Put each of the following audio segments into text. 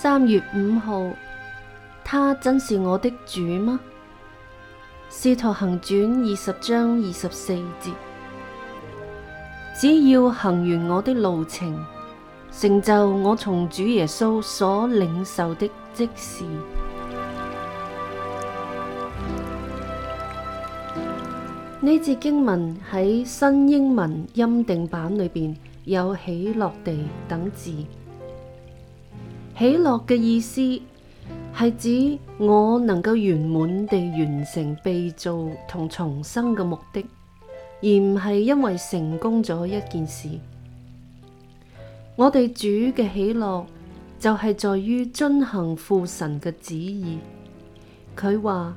三月五號，他真是我的主嗎？《使徒行傳》二十章二十四節，只要行完我的路程，成就我從主耶穌所領受的職事。呢 節經文喺新英文欽定版裏邊有喜樂地等字。喜樂嘅意思係指我能夠圓滿地完成被造同重生嘅目的，而唔係因為成功咗一件事。我哋主嘅喜樂就係在於遵行父神嘅旨意。佢話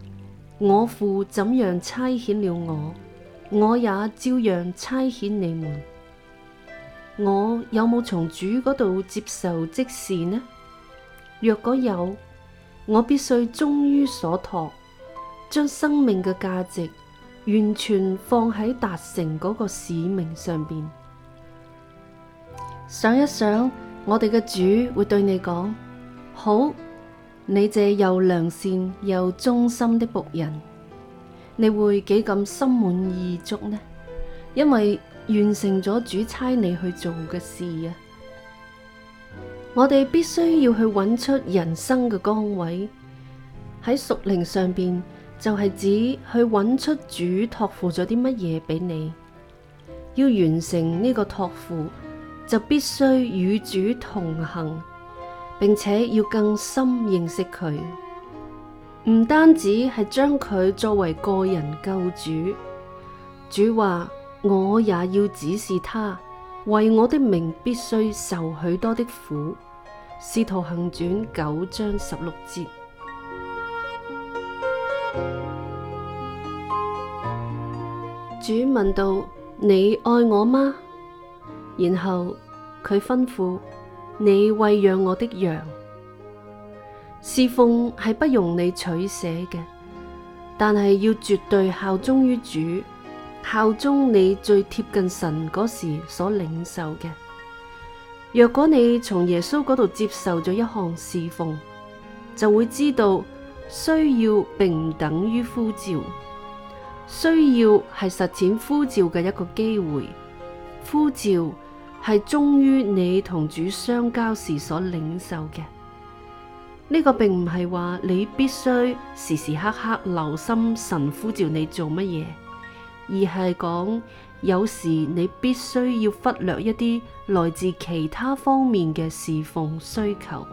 我父怎樣差遣了我，我也照樣差遣你們。我有冇從主嗰度接受即是呢？若果有，我必須忠於所託，將生命嘅價值完全放喺達成嗰個使命上邊。想一想，我哋嘅主會對你講：好，你這又良善又忠心的僕人，你會幾咁心滿意足呢？因為完成咗主差你去做嘅事啊！我哋必須要去搵出人生嘅崗位，喺屬靈上邊就係指去搵出主托付咗啲乜嘢畀你，要完成呢個託付，就必須與主同行，並且要更深認識佢，唔單止係將佢作為個人救主。主話：我也要指示他。為我的名必須受許多的苦，《使徒行傳》九章十六節。主問道：你愛我嗎？然後佢吩咐你喂養我的羊。侍奉係不容你取捨嘅，但係要絕對效忠於主。效忠你最貼近神嗰時所領受嘅。若果你從耶穌嗰度接受咗一項侍奉，就會知道需要並唔等於呼召。需要係實踐呼召嘅一個機會，呼召係忠於你同主相交時所領受嘅。呢個並唔係話你必須時時刻刻留心神呼召你做乜嘢。而係講，有時你必須要忽略一啲來自其他方面嘅侍奉需求。